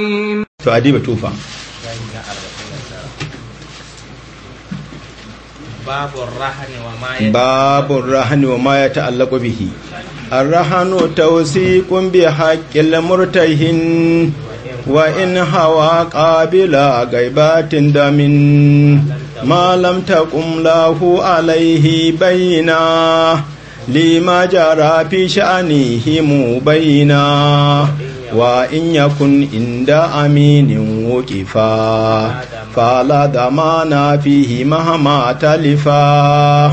To tufa. Babu rahani wa ma ya ta’allaƙo bihi, A rahano ta wasi ƙumbi haƙƙin murtahin wa in hawa ƙabila gaibatin damin malam ta ƙumlahu alaihi bayina lima jara fi sha'anihi mu bayina. wa in yakun inda aminin wukifa fala da ma na fihi mahama talifa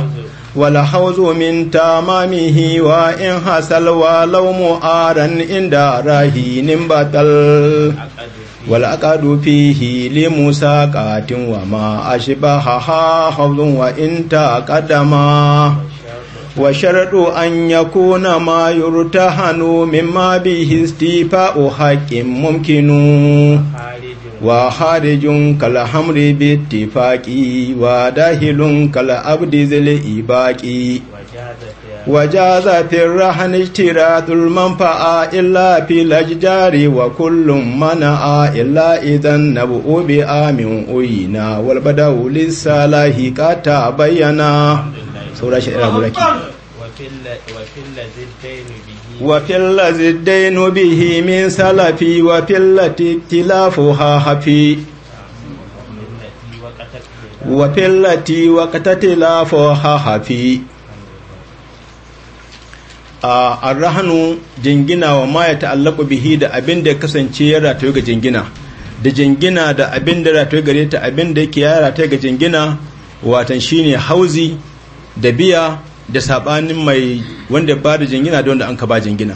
wala hauzo min mamihi, wa in hasal wa laumu aran inda rahinin batal wala aqadu fihi li musa katin wa ma ha, hawdun wa inta qadama wa sharaɗo an ya kona ma yuru ta hannu min ma bi histi fa o haƙin mumkinu wa harijin kala hamri bi tifaƙi wa dahilun kala abu da zile ibaƙi wa ja zafi rahani tira tulman fa’a illa fi wa kullum mana a illa idan na bu’o bi amin oyi na walbada wuli salahi kata bayyana saurashi ɗara gurake وفي الذي الدين به من سلفي وفي التي اختلافها حفي وفي التي وقت اختلافها حفي arrahanu jingina wa ma ya ta'allaku bihi da abin da kasance ya rataye ga jingina da jingina da abin da rataye gare ta abin da yake ya rataye ga jingina watan shine hauzi da biya da sabanin mai wanda ba da jingina da wanda an ka ba jingina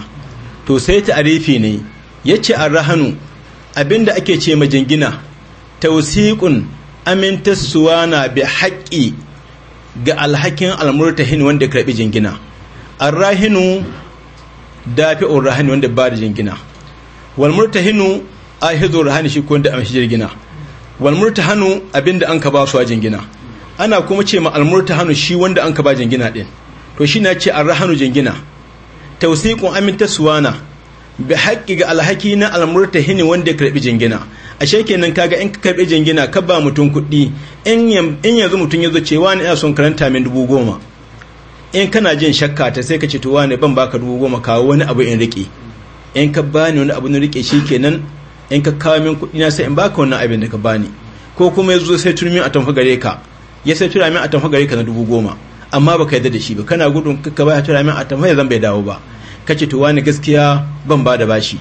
to sai arifi ne ya ce a arrahanu abinda ake ce ma jingina tawsiqun na bi haƙƙi ga alhakin almurtahin wanda karɓi jingina arrahinu dafi'ur rahani wanda ba da jingina wal a hizo rahani shi ko wanda amshi jingina wal murtahanu abinda an ka ba su jingina ana kuma ce ma al shi wanda an ka ba jingina ɗin to shi na ce rahanu jingina Tausi,kun aminta suwana bi haƙƙi ga alhaki na hini wanda ya karɓi jingina ashe kenan kaga in ka karɓi jingina ka ba mutum kuɗi in yanzu mutum ya zo cewa ne ina son karanta min dubu goma in kana jin shakka ta sai ka ce to wane ban baka dubu goma kawo wani abu in riƙe in ka bani wani abu in riƙe shi kenan in ka kawo min kuɗi na sai in baka wannan abin da ka bani ko kuma ya zo sai turmi a tamfa gare ka ya sai tura min a tamfa gare ka na dubu goma amma baka yadda da shi ba kana gudun ka ba ya tura min a tamfaya zan bai dawo ba kace to wani gaskiya ban ba da bashi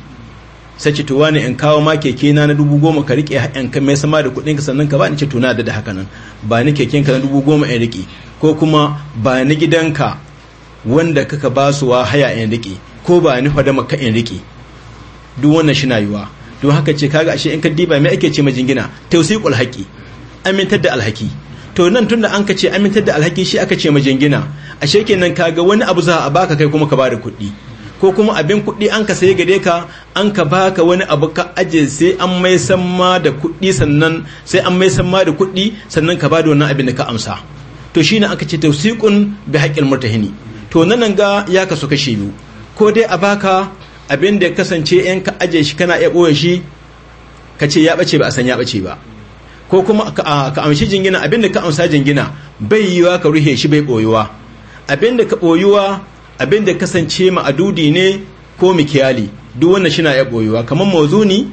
sai ce to wani in kawo ma keke na na dubu goma ka rike yan ka mai sama da kuɗin ka sannan ka ba ni ce tuna da haka nan ba ni keken ka na dubu goma in rike ko kuma ba ni gidanka wanda kaka ba su wa haya in rike ko ba ni fada maka in rike duk wannan shi na yiwa don haka ce kaga ashe in ka diba me ake ce ma jingina tausiqul haqi amintar da alhaki to nan tunda an ka ce amintar da alhakin shi aka ce majingina ashe kenan ga wani abu za a baka kai kuma ka bada kuɗi ko kuma abin kuɗi an ka sai gare ka an ka baka wani abu ka aje sai an mai samma da kuɗi sannan sai an mai sama da kuɗi sannan ka ba da wannan abin da ka amsa to shine aka ce tawsiqun bi haqqil murtahini to nan ga ya kasu kashe biyu ko dai a baka abin da ya kasance in ka aje shi kana iya ɓoye shi ka ce ya ɓace ba a san ya ɓace ba ko kuma ka amshi jingina abinda ka amsa jingina bai yiwa ka ruhe shi bai boyuwa abinda ka boyuwa abinda kasance ma'adudi ne ko mikiyali duk wannan shi na ya boyuwa kamar mawzuni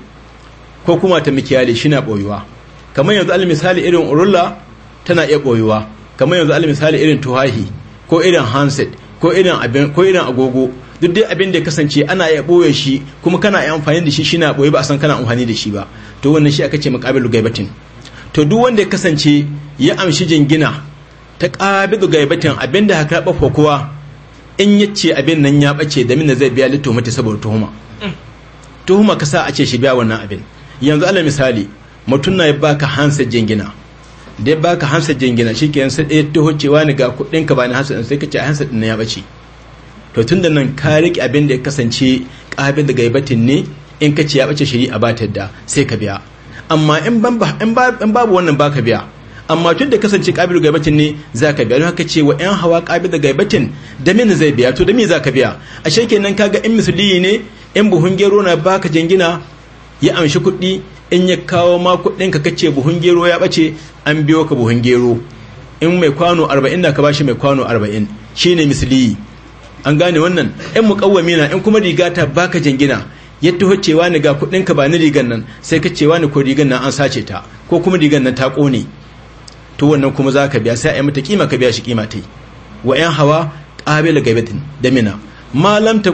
ko kuma ta mikiyali shi na boyuwa kamar yanzu al misali irin urulla tana iya boyuwa kamar yanzu al misali irin tuhahi ko irin hanset ko irin abin ko irin agogo duk dai abin da kasance ana iya boye shi kuma kana iya amfani da shi shi na boye ba a san kana amfani da shi ba to wannan shi aka ce muqabilu gaibatin to duk wanda ya kasance ya amshi jingina ta ƙabi ƙabidu gaibatin abinda haka ɓafa kowa in ya ce abin nan ya ɓace da mina zai biya littomata saboda tuhuma mm. tuhuma ka sa a ce shi biya wannan abin yanzu ala misali mutum na ya baka hansa jingina da ya baka hansa jingina shi ke yansa ɗaya taho cewa ni ga kuɗin ka bani hansa ɗin sai ka ce hansa ɗin ya ɓace to tun da nan ka riƙe abin da ya kasance ƙabi ga gaibatin ne in ka ce ya ɓace shiri a batar da sai ka biya amma in babu wannan ba ka biya amma tun da kasance kabilu gaibatin ne za ka biya don haka ce wa yan hawa kabil da gaibatin da min zai biya to da min za ka biya a nan kaga in misali ne in buhun gero na baka jingina ya amshi kuɗi in ya kawo ma kuɗin ka kace buhun gero ya bace an biyo ka buhun gero in mai kwano 40 na ka bashi mai kwano 40 shine misali an gane wannan in mukawwami na in kuma riga ta baka jingina ya taho cewa ni ga kudin ka ba ni rigan nan sai ka cewa ni ko rigan nan an sace ta ko kuma rigan nan ta kone to wannan kuma za ka biya sai a yi mata kima ka biya shi kima tai wa yan hawa ƙabila gaibatin da mina malam ta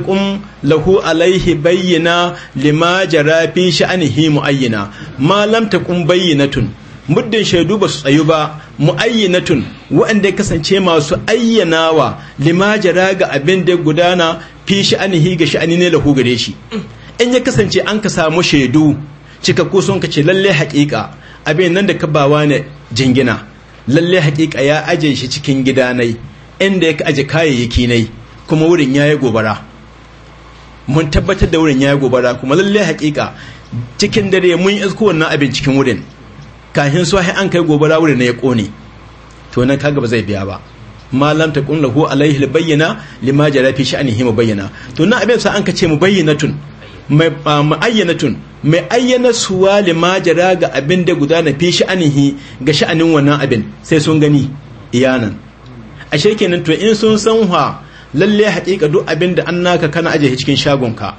lahu alaihi bayyana lima fi sha'nihi mu'ayyana malam ta bayyinatun muddin shaidu ba su tsayu ba mu'ayyinatun waɗanda ya kasance masu ayyanawa lima jara ga abin da gudana fi sha'nihi ga sha'ani ne lahu gare shi in ya kasance an ka samu shaidu cikakku sun ka ce lalle haƙiƙa abin nan da ka bawa ne jingina lalle haƙiƙa ya aje shi cikin nai inda ya aje kayayyaki nai kuma wurin ya yi gobara mun tabbatar da wurin ya yi gobara kuma lalle haƙiƙa cikin dare mun isko wannan abin cikin wurin kafin su an kai gobara wurin ya ƙone to nan kaga ba zai biya ba malam ta ƙunla ko alaihi bayyana lima jarafi fi sha'anihi mu bayyana to nan abin sa an ka ce mu bayyana tun maayyana ah, tun mai ayyana suwa limajira ga abin da gudana fi sha'anihi ga sha'anin wannan abin sai sun gani iyanan a shekinin to in sun san wa lalle hakika duk abin da an naka kana aje cikin shagonka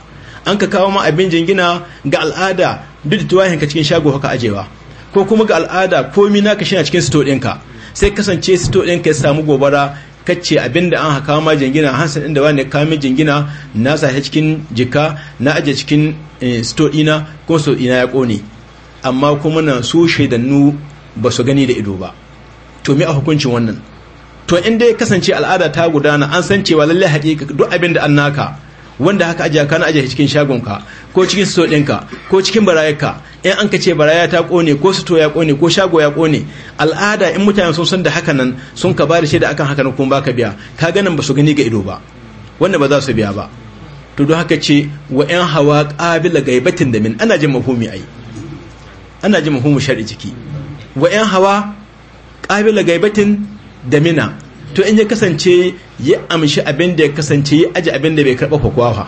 an ka kawo ma abin jingina ga al'ada duk da tuwahin ka cikin shago haka ajewa ko kuma ga al'ada komi naka shi cikin sito ɗinka sai kasance sito ɗinka ya samu gobara kacce abinda an haka ma jingina hansan inda wani kamin jingina na sa cikin jika na aje cikin eh, sto ɗina ko sto ina ya kone amma kuma na su shaidannu ba su gani da ido ba to me a hukuncin wannan to in dai kasance al'ada ta gudana an san cewa lallai haƙiƙa duk abin da an naka wanda haka ajiya kana ajiye cikin ka, ko cikin so ɗinka ko cikin barayarka in an ka ce baraya ta kone ko suto ya kone ko shago ya kone al'ada in mutane sun san da haka nan sun ka ba da shaida akan haka nan kuma baka biya ka ganin ba su gani ga ido ba wanda ba za su biya ba to don haka ce wa yan hawa qabila gaibatin da min ana jin mahumi ai ana jin mahumi shar'i jiki wa yan hawa qabila gaibatin da mina to in ya kasance ya amshi abin da ya kasance ya aji abin da bai karɓa kwakwafa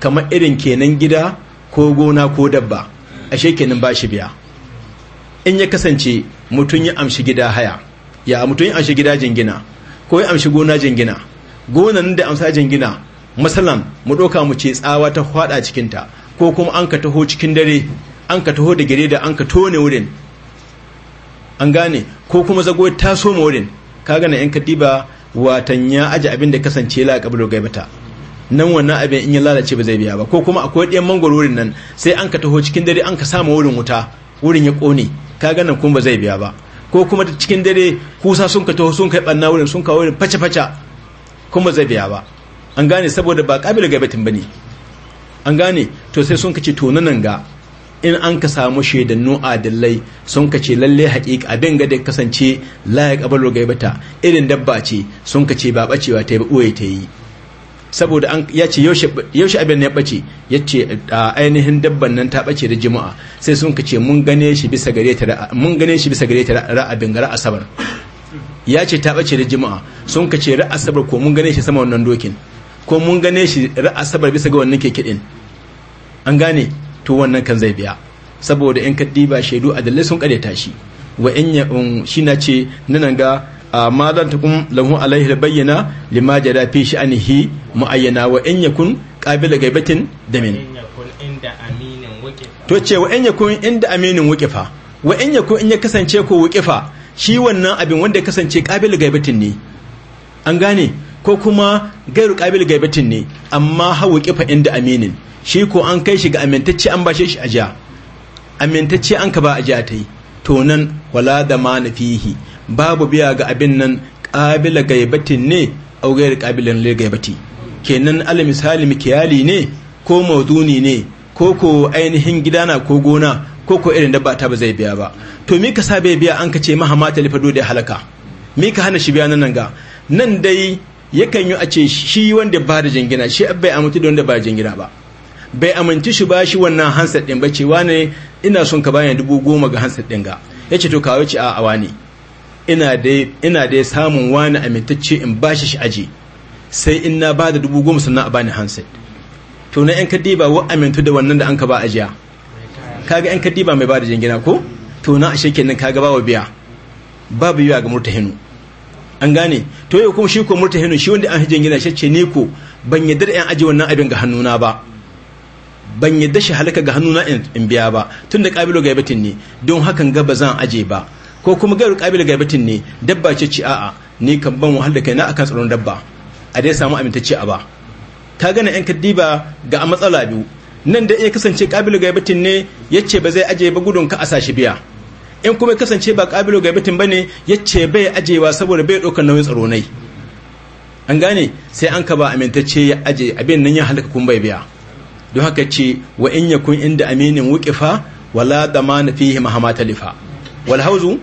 kamar irin kenan gida ko gona ko dabba ashe kenan ba shi biya in ya kasance mutum ya amshi gida haya ya mutum ya amshi gida jingina ko ya amshi gona jingina gonan da amsa jingina masalan mu ɗauka mu ce tsawa ta faɗa cikinta ko kuma an ka taho cikin dare an ka taho da gare da an ka tone wurin an gane ko kuma zago ta soma wurin kaga na yan kadiba watan ya aji abin da kasance la kabulu gaibata nan wannan abin in ya lalace ba zai biya ba ko kuma akwai ɗiyan mangwaro wurin nan sai an ka taho cikin dare an ka samu wurin wuta wurin ya kone kaga nan kuma ba zai biya ba ko kuma cikin dare kusa sun ka taho sun kai banna wurin sun kawo wurin face face kuma zai biya ba an gane saboda ba kabilu gaibatin bane an gane to sai sun ka ce to nan ga in an ka samu shaidannu adillai sun ka ce lalle haƙiƙa abin ga da kasance layak abalo gaibata irin dabba ce sun ka ce ba bacewa ta yi ɓoye ta yi saboda an ya ce yaushe abin ya ɓace ya ce a ainihin dabban nan ta ɓace da jima'a sai sun ka ce mun gane shi bisa gare ta mun gane shi bisa gare ta ra'abin gara ra'asabar ya ce ta ɓace da jima'a sun ka ce ra'asabar ko mun gane shi sama wannan dokin ko mun gane shi ra'asabar bisa ga wannan keke an gane to wannan kan zai biya saboda in ka diba shaidu a adalai sun karyata shi wa in um, shi na ce nan ga ma zan takun lahu alaihi bayyana lima jada fi sha'anihi muayyana wa in yakun qabila gaibatin damin to ce wa in yakun inda aminin wukifa wa in yakun in ya kasance ko wukifa shi wannan abin wanda ya kasance qabila gaibatin ne an gane ko kuma gairu qabila gaibatin ne amma ha wukifa inda aminin shi ko an kai shi ga amintacce an bashe shi a jiya amintacce an ka ba a jiya ta yi to nan wala da ma na fihi babu biya ga abin nan ƙabila gaibatin ne augayar ƙabilan lil gaibati kenan ala misali mikiyali ne ko mauduni ne ko ko ainihin gidana ko gona ko ko irin dabba ta ba zai biya ba to me ka sa bai biya an ka ce maha mata lifa da halaka me ka hana shi biya nan ga nan dai yakan yi a ce shi wanda ba da jingina shi bai mutu da wanda ba da jingina ba bai amince shi ba shi wannan hansar din ba cewa ne ina son ka bayan dubu goma ga hansar din ga ya ce to kawo ce a awa ne ina dai samun wani amintacce in ba shi shi aji sai in na ba da dubu goma sannan a bani hansar to na yan kadiba wa amintu da wannan da an ka ba ajiya kaga yan kadiba mai ba da jingina ko to na ashe kenan kaga ba wa biya babu yiwa ga murtahinu an gane to yau kuma shi ko murtahinu shi wanda an hijin gina shi ce ne ko ban yadda da yan aji wannan abin ga hannuna ba ban yadda shi halaka ga hannuna in biya ba tun da ƙabilu gaibatin ne don hakan ga ba zan aje ba ko kuma gairu ƙabilu gaibatin ne dabba ce ci a'a ni kan ban wahal da kaina akan tsaron dabba a dai samu amintacce a ba ka gana yan kaddiba ga a matsala biyu nan da ya kasance ƙabilu gaibatin ne ya ce ba zai aje ba gudun ka a sashi biya in kuma ya kasance ba ƙabilu gaibatin ba ne ya ce bai ajewa saboda bai ɗaukar nauyin tsaro nai an gane sai an ka ba amintacce ya aje abin nan ya halaka kun bai biya don haka ce wa in yakun inda aminin wuqifa wala na fihi mahama talifa Walhauzu.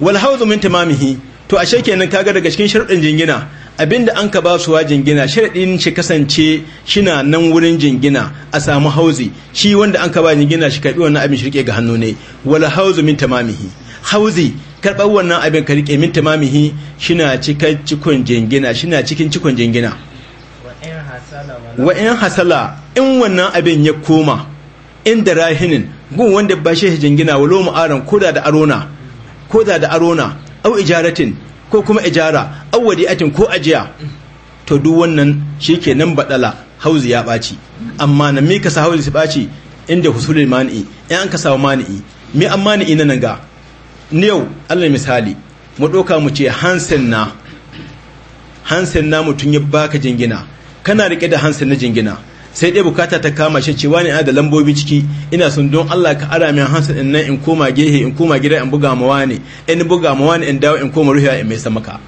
Walhauzu min tamamihi to ashe kenan kaga daga cikin sharɗin jingina abinda an ka ba su wa jingina sharɗin shi kasance shina nan wurin jingina a samu hauzi shi wanda an ka ba jingina shi karɓi wannan abin shirke ga hannu ne walhauzu min tamamihi hauzi karɓar wannan abin ka rike min tamamihi shina cikin jingina shina cikin cikon jingina wa in hasala in wannan abin ya koma inda rahinin gun wanda ba shi jingina wa lomu aron koda da arona koda da arona au ijaratin ko kuma ijara au wadi'atin ko ajiya to duk wannan nan baɗala hauzi ya baci amma na me ka hauzi su baci inda husulul mani'i in an ka mani'i me an mani'i na nan ga ni yau Allah misali mu doka mu ce hansen na hansen na mutun ya baka jingina kana rike da hansa na jingina sai dai bukata ta kama shi cewa ne ana da lambobi ciki ina son don Allah ka ara min hansa din nan in koma gehe in koma gida in buga mawa ne in buga mawa ne in dawo in koma ruhiya in mai samaka.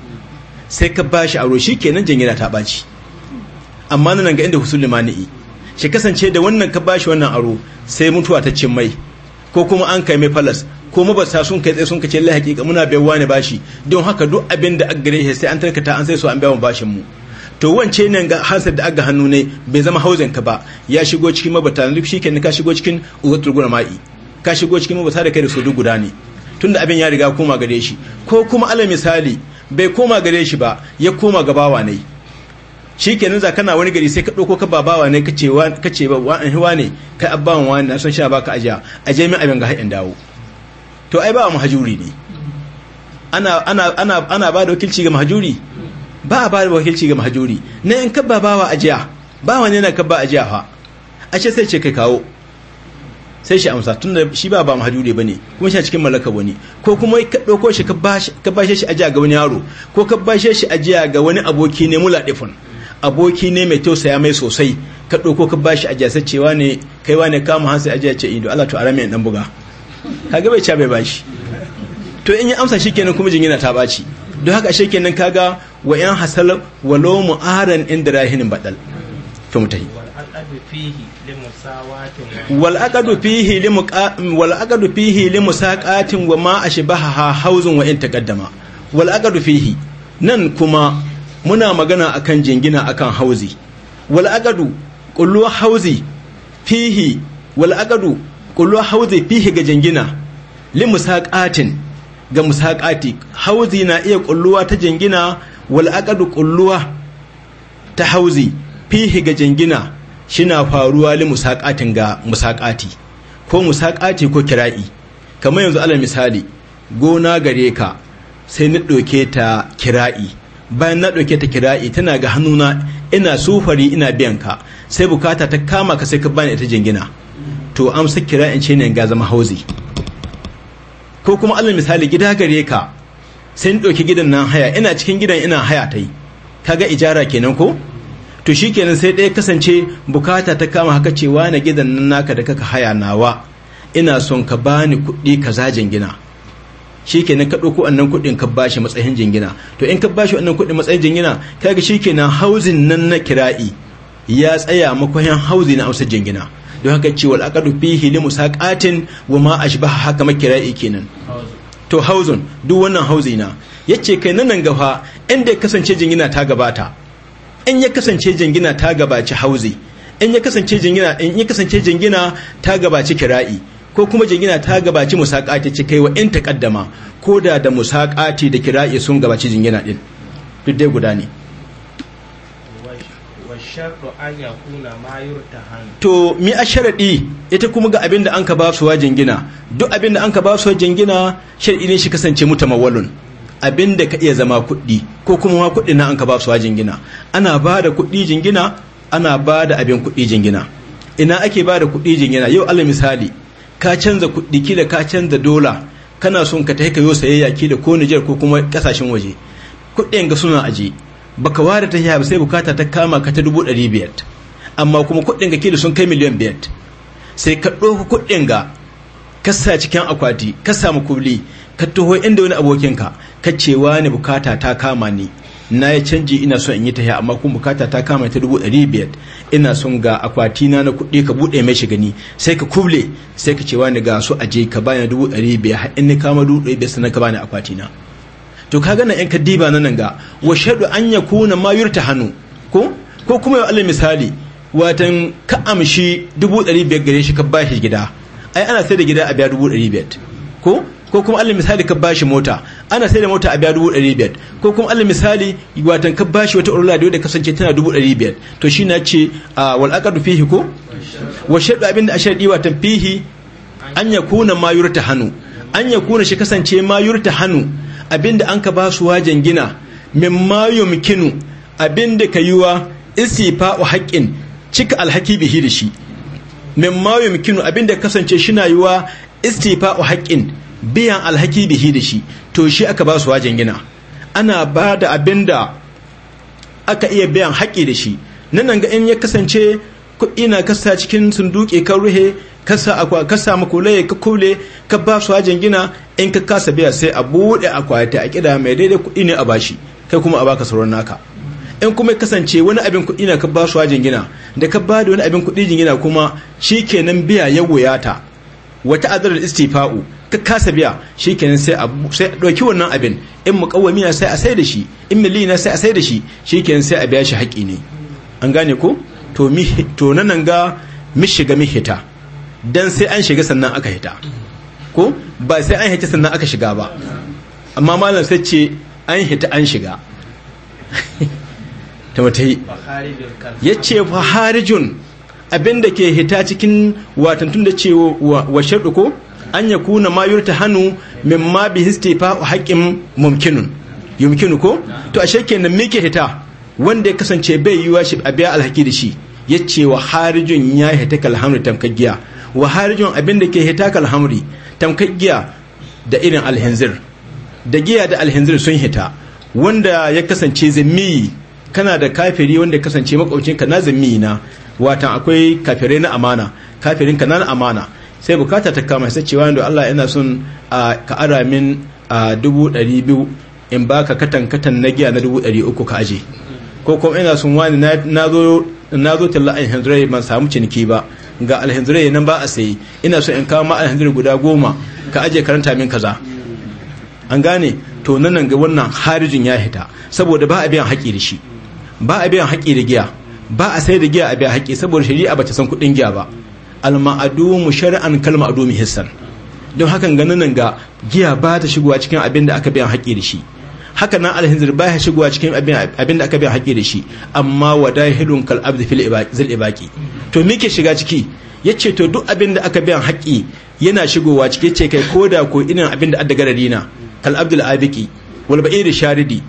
sai ka bashi aro shi kenan jingina ta baci amma nan ga inda husul limani shi kasance da wannan ka bashi wannan aro sai mutuwa ta cin mai ko kuma an kai mai falas ko sa sun kai tsaye sun kace lai hakika muna bai wani bashi don haka duk abin da aggare sai an tarkata an sai so an bayan bashin mu to wance ne ga hasar da aga hannu ne bai zama hauzen ka ba ya shigo cikin mabata duk shi ka shigo cikin uzatul ma'i ka shigo cikin mabata da kai da sodu guda ne tunda abin ya riga koma gare shi ko kuma ala misali bai koma gare shi ba ya koma ga bawa ne shikenan za kana wani gari sai ka ɗauko ka babawa ne ka ce ba wa ne kai abbawan wani na son sha baka ajiya aje min abin ga haɗin dawo to ai ba mahajuri ne ana ba da wakilci ga mahajuri ba a ba da wakilci ga mahajuri na in kabba wa ajiya ba wani yana kabba ajiya fa a ce sai ce kai kawo sai shi amsa tun da shi ba ba mahajuri ba ne kuma shi a cikin mallaka wani ko kuma ka ɗauko shi ka bashe shi ajiya ga wani yaro ko ka bashe shi ajiya ga wani aboki ne mulaɗifin aboki ne mai tausaya mai sosai ka ɗauko ka bashi ajiya sai cewa ne kaiwa ne kama hansu ajiya ce ido Allah to arame dan buga kaga bai ca bai bashi to in ya amsa shi kenan kuma yana ta baci don haka ashe kenan kaga wa yan hasal wa mu mu'aran inda rahinin badal to mutahi wal aqadu fihi li wal aqadu fihi li musaqatin wa ma ashbaha hauzun wa in taqaddama wal aqadu fihi nan kuma muna magana akan jingina akan hauzi wal aqadu kullu hauzi fihi wal aqadu kullu hauzi fihi ga jingina li musaqatin ga musaƙati hauzi na iya ƙulluwa ta jingina wal aqadu kulluwa ta hauzi fihi ga jingina shina faruwa li musaƙatin ga musaƙati ko musaƙati ko kira'i kamar yanzu alal misali gona gare ka sai na ɗauke ta kira'i bayan na ɗauke ta kira'i tana ga hannuna ina sufari ina biyan ka sai bukata ta kama ka sai ka bani ita jingina to amsa kira'in ce ne ga zama hauzi ko kuma allah misali gida gare ka sai ɗauki gidan nan haya ina cikin gidan ina haya ta yi kaga ijara kenan ko to shi sai ɗaya kasance bukata ta kama haka cewa na gidan nan naka da kaka haya nawa ina son ka bani kuɗi kaza jingina shi kenan ka ɗauko annan kuɗin ka bashi matsayin jingina to in ka bashi annan kuɗin matsayin jingina kaga shi kenan hauzin nan na kira'i ya tsaya makwayan hauzi na amsar jingina don haka ce wal aqadu fihi li musaqatin wa ma ashbaha haka makira'i kenan to hauzun duk wannan hauzi na yace kai nan gafa inda ya kasance jingina ta gabata in ya kasance jingina ta gabaci hauzi in ya kasance jingina in ya kasance jingina ta gabaci kira'i ko kuma jingina ta gabaci musaqati ce kai wa in taqaddama koda da musaqati da kira'i sun gabaci jingina din duk dai guda ne sharɗu an ya mayur ta hannu to mi a sharaɗi ita kuma ga abin da an ka ba su wa jingina duk abin da an ka ba su wa jingina ne shi kasance mutu mawalun abin da ka iya zama kuɗi ko kuma ma kuɗi na an ka ba su wa jingina ana ba da kuɗi jingina ana ba da abin kuɗi jingina ina ake ba da kuɗi jingina yau alal misali ka canza kuɗi kila ka canza dola kana son ka ta ka yo sayayya kila ko Nijar ko kuma ƙasashen waje kuɗin ga suna aji baka ware ta hiya sai bukata ta kama ka ta dubu ɗari biyar amma kuma kuɗin ga kilo sun kai miliyan biyar sai ka ɗauko kuɗin ga ka sa cikin akwati ka samu kubli ka taho inda wani abokinka ka cewa wani bukata ta kama ni na yi canji ina son in yi ta amma kuma bukata ta kama ta dubu ɗari biyar ina son ga akwati na na kuɗi ka buɗe mai shiga ni sai ka kuble sai ka ce wani ga su aje ka bani dubu ɗari biyar in ni kama dubu ɗari biyar sannan ka bani akwati na to kaga nan yan kadiba nan ga wa shaidu an ya kuna ma hannu ko ko kuma yau alal misali watan ka amshi 500 gare shi ka bashi gida ai ana sai da gida a biya 500 ko ko kuma alal misali ka bashi mota ana sai da mota a biya 500 ko kuma alal misali watan ka bashi wata urla da kasance tana 500 to shi na ce wal aqdu fihi ko wa shadu abinda shaidi watan fihi an ya kuna ma hannu an ya kuna shi kasance ma hannu abinda an ka ba su wajen gina ma yumkinu abinda ka yiwa wa cika alhaki bihi da shi mimma yumkinu abinda kasance shi na yiwa wa haqqin biyan alhaki bihi da shi to shi aka ba su wajen gina ana ba da abinda aka iya biyan haƙƙi da shi nan ga in ya kasance kuɗi na kasa cikin sunduke kan ruhe kasa akwa kasa makulaye ka kule ka ba su hajin gina in ka kasa biya sai a buɗe akwati a kida mai daidai kuɗi ne a bashi kai kuma a baka sauran naka in kuma kasance wani abin kuɗi na ka ba su hajin gina da ka ba da wani abin kuɗi gina kuma shikenan biya ya wuyata wata adalar istifa'u ka kasa biya shikenan sai a sai dauki wannan abin in muqawwami na sai a sai da shi in milli na sai a sai da shi shikenan sai a biya shi haƙi ne an gane ko to nan ga mi shiga mi hita don sai an shiga sannan aka hita ko ba sai an hita sannan aka shiga ba amma malam sai ce an hita an shiga ta mata yi ya ce faharijun abinda ke hita cikin watantun da ce wa shaɗu ko an ya kuna mayur ta hannu min ma bi histefa haƙƙin mumkinun ko to a kenan me hita wanda ya kasance bai yi shi a biya alhaki da shi ya ce wa harijun ya hita kalhamri tamkaggiya wa harijun abin da ke hita kalhamri tamkaggiya da irin alhinzir da giya da alhinzir sun hita wanda ya kasance zimmi kana da kafiri wanda ya kasance makwabcinka na zimmi na watan akwai kafirai na amana kafirin ka na amana sai bukata ta kama sai cewa da Allah yana son ka ara min dubu ɗari biyu in baka katan katan na giya na dubu ɗari uku ka aje ko kuma ina sun wani na zo talla alhindirai ban samu ciniki ba ga alhindirai nan ba a sayi ina so in kawo ma alhindirai guda goma ka aje karanta min kaza an gane to nan ga wannan harijin ya hita saboda ba a biyan haƙi da shi ba a biyan haƙi da giya ba a sai da giya a biyan haƙi saboda shari'a ba ta san kuɗin giya ba alma'adu mu shari'an kalma adu mu hissan don hakan ganin nan ga giya ba ta shigowa cikin abin da aka biyan haƙi da shi haka nan alhinzir ba ya shigowa cikin abin da aka biya haƙƙi da shi amma wa hidun kal abdi fil zil to me shiga ciki yace to duk abin da aka biyan haƙƙi yana shigowa ciki ce kai koda ko ina abin da adda garari na kal abdul abiki wal da sharidi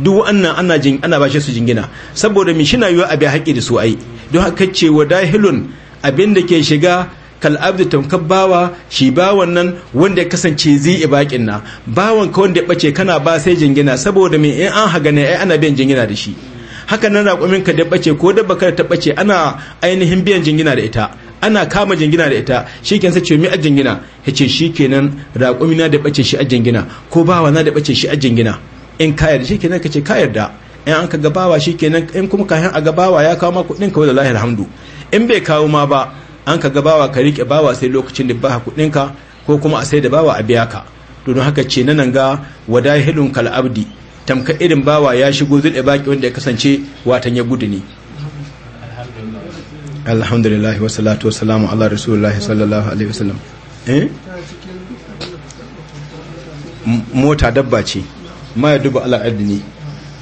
duk wannan ana jin ana ba shi su jingina saboda mi shina yiwa abin haƙƙi da su ai don haka ce wa dahilun abin da ke shiga kal abdu tamkab bawa shi bawan nan wanda ya kasance zi ibaqin na bawan ka wanda ya bace kana ba sai jingina saboda me in an haga ne ai ana biyan jingina da shi haka nan raƙumin ka da bace ko da baka ta bace ana ainihin biyan jingina da ita ana kama jingina da ita shi ke sace mi a jingina ya ce shi kenan raƙumina na da bace shi a jingina ko bawa na da bace shi a jingina in ka yarda shi kenan ka ce ka yarda in an ka gabawa shi kenan in kuma kayan a gabawa ya kawo ma kuɗin ka wadda lahir hamdu in bai kawo ma ba an ka ga bawa ka riƙe bawa sai lokacin da libbaha kuɗinka ko kuma a sai da bawa a biya ka don haka ce na nan ga wadahilun kal abdi tamka irin bawa ya shigo da baki wanda ya kasance watan ya gudu ne alhamdulillah wa salatu wa salamu ala rasulullah sallallahu alaihi wasallam eh mota dabba ce ma ya dubu ala adni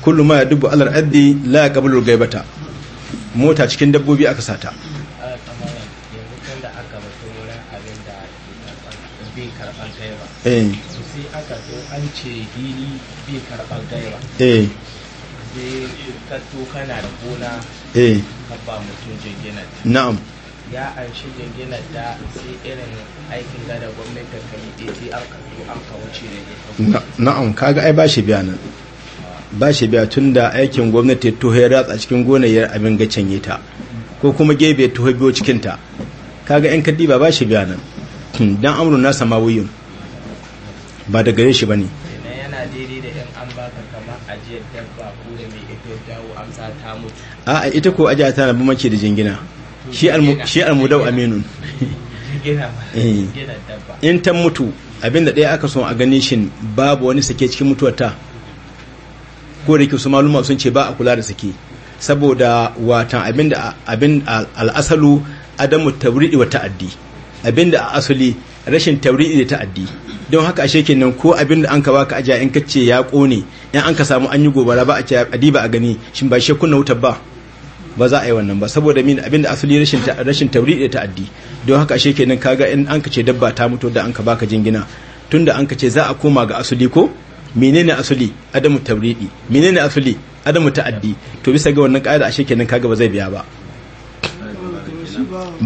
kullu ma ya dubu alar adni la yaqbalu gaibata mota cikin dabbobi aka sata wurin da bai karɓar gaiba eh. sai aka zo an ce hili bai karɓar gaiba eh. sai ka to kana da gona eh. ka ba mutum jinginar na'am ya an shi jinginar da sai irin aikin gada gwamnatin ka yi ɗaya an ka zo an ka wuce da ita na'am kaga ai ba shi biya nan ba shi biya tun da aikin gwamnati to ya ratsa cikin gonayyar abin gacen ta ko kuma gefe tuho biyo cikinta kaga yan kaddi ba shi biya nan hmm, dan amurin na mawuyin ba da gare shi ba ne. a a ita ko ajiyar ta rabu mace da jingina shi almudau aminu eh. in ta mutu abinda ɗaya aka so a gani shi babu wani sake cikin mutuwata ta ko da ke su maluma sun ce ba a kula da sake saboda watan abinda abin al'asalu adamu tabri'i wa ta'addi abinda a asali rashin tabri'i da ta'addi don haka ashe kenan ko abinda an ka baka aja in kace ya kone in an ka samu an yi gobara ba a ce adiba a gani shin ba shekun na wutar ba ba za a yi wannan ba saboda min abinda asali rashin rashin tabri'i da ta'addi don haka ashe kenan kaga in an ka ce dabba ta mutu da an ka baka jingina tunda an ka ce za a koma ga asali ko menene asali adamu tabri'i menene asali adamu ta'addi to bisa ga wannan ka'ida ashe kenan kaga ba zai biya ba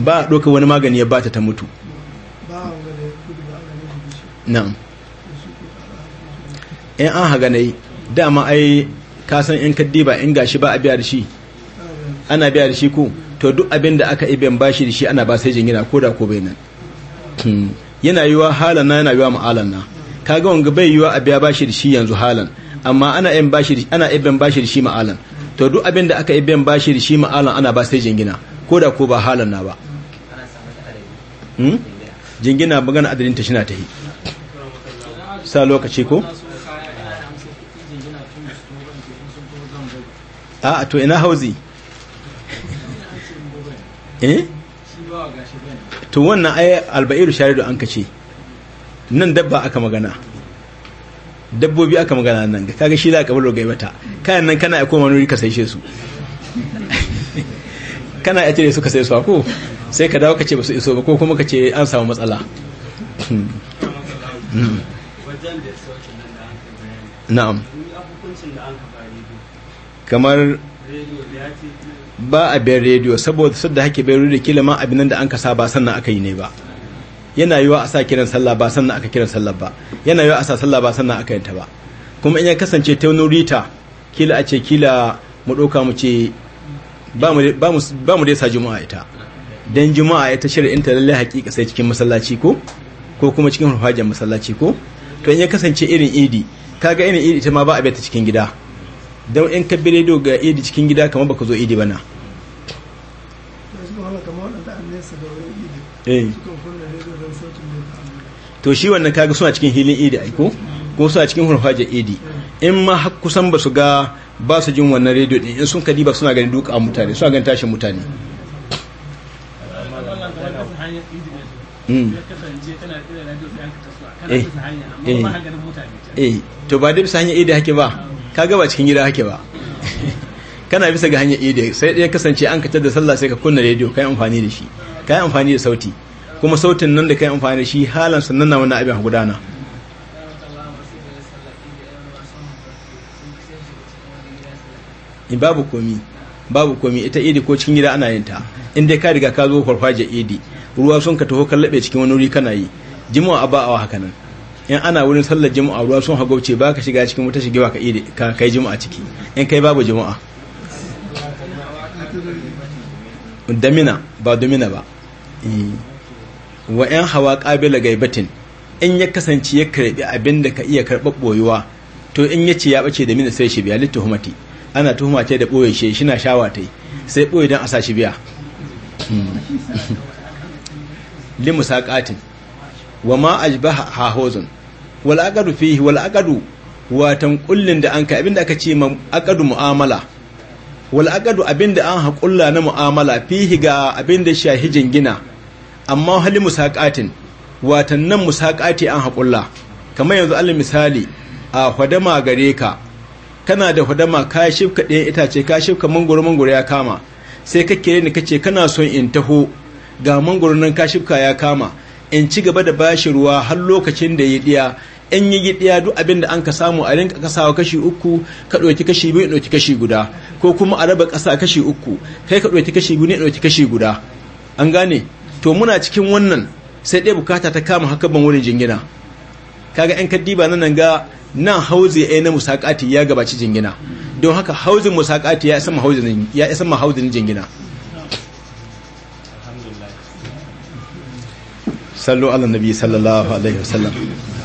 ba doka wani magani ya bata ta mutu na'am in an haga nai dama ai ka san in kaddi ba in gashi ba a biya da shi ana biya da shi ko to duk abin da aka iben bashi da shi ana ba sai jingina ko da ko bai nan hmm. yana yiwa halana yana yiwa ma'alana kaga wanga bai yiwa a biya bashi da shi yanzu halan amma ana yin bashir ana ibn bashir shi ma'alan to duk abin da aka ibn bashir shi ma'alan ana ba sai jingina ko da ko ba halan na ba hmm? jingina magana adadin ta shina ta yi sa lokaci ko a to ina hauzi eh? to wannan ayi albairu sharidu an kace nan dabba aka magana dabbobi aka magana nan kaga shi za ka bar mata kayan nan kana koma nuri ka saishe su kana ya cire su ka sai su ko sai ka dawo ka ce ba su iso ba ko kuma ka ce an samu matsala hmm. na'am kamar ba a biyar rediyo saboda sadda hake bayan rediyo kila ma abin da an ka saba sannan aka yi ne ba yana yiwa a sa kiran sallah ba sannan aka kiran sallah ba yana yiwa a sa sallah ba sannan aka yanta ba kuma in ya kasance ta wani rita kila a ce kila mu ɗauka mu ce ba mu dai sa juma'a ita dan juma'a ita shari'in ta lallai haƙiƙa sai cikin masallaci ko ko kuma cikin rufajen masallaci ko to in ya kasance irin idi kaga irin idi ta ma ba a bai ta cikin gida don in ka bi rediyo ga idi cikin gida kamar baka zo idi bana Eh. to shi wannan kaga suna cikin hilin idi aiko ko suna cikin hurfajar idi eh. in ma kusan ba su ga ba su jin wannan rediyo din in sun kadi ba suna ganin duka mutane suna ganin tashin mutane hmm. eh. to ba da bisa hanyar idi hake ba ka gaba cikin gida hake ba kana bisa ga hanyar ida sai ɗaya kasance an kacar da sallah sai ka kunna rediyo kai amfani da shi kai amfani da sauti kuma sautin nan da kai amfani da shi halan sannan na wani abin gudana in babu komi babu komi ita idi ko cikin gida ana yin ta in dai ka riga ka zo farfajiyar idi ruwa sun ka taho kallabe cikin wani wuri kana yi jimawa ba a haka nan in ana wurin sallar jima'a ruwa sun hagauce ba ka shiga cikin wata shigewa ka kai jima'a ciki in kai babu jima'a damina ba domina ba hmm. wa 'yan hawa ƙabila gaibatin in ya kasance ya karɓi abin da ka iya karɓar ɓoyuwa to in ya ce ya ɓace da mina sai shi biya littu humati ana tuhuma ce da ɓoye shi shi na shawa ta sai ɓoye don a sa shi biya hmm. limu saƙatin wa ma ajba hahozun wal aqadu fihi wal aqadu watan kullin da an kai abin da aka ce ma mu'amala wal aqadu abinda an haƙulla na mu'amala fihi ga abin abinda shahi jingina amma hali musaqatin watan nan musaqati an haƙulla kamar yanzu al misali a hudama gare ka kana da hudama ka shifka ɗayan itace ka shifka mangoro mangoro ya kama sai ka kire ni kace kana son in taho ga mangoro nan ka shifka ya kama in ci gaba da bashi ruwa har lokacin da ya diya in yi ɗaya duk abin da an ka samu a rinka kasawa kashi uku ka ɗauki kashi biyu ɗauki kashi guda ko kuma a raba ƙasa kashi uku kai ka ɗauki kashi biyu ne ɗauki kashi guda an gane to muna cikin wannan sai ɗaya bukata ta kama haka ban wurin jingina kaga yan ka na nan ga na hauzi ɗaya na musakati ya gabaci jingina don haka hauzin musakati ya isa hauzin ya isa hauzin jingina sallu ala nabi sallallahu alaihi wasallam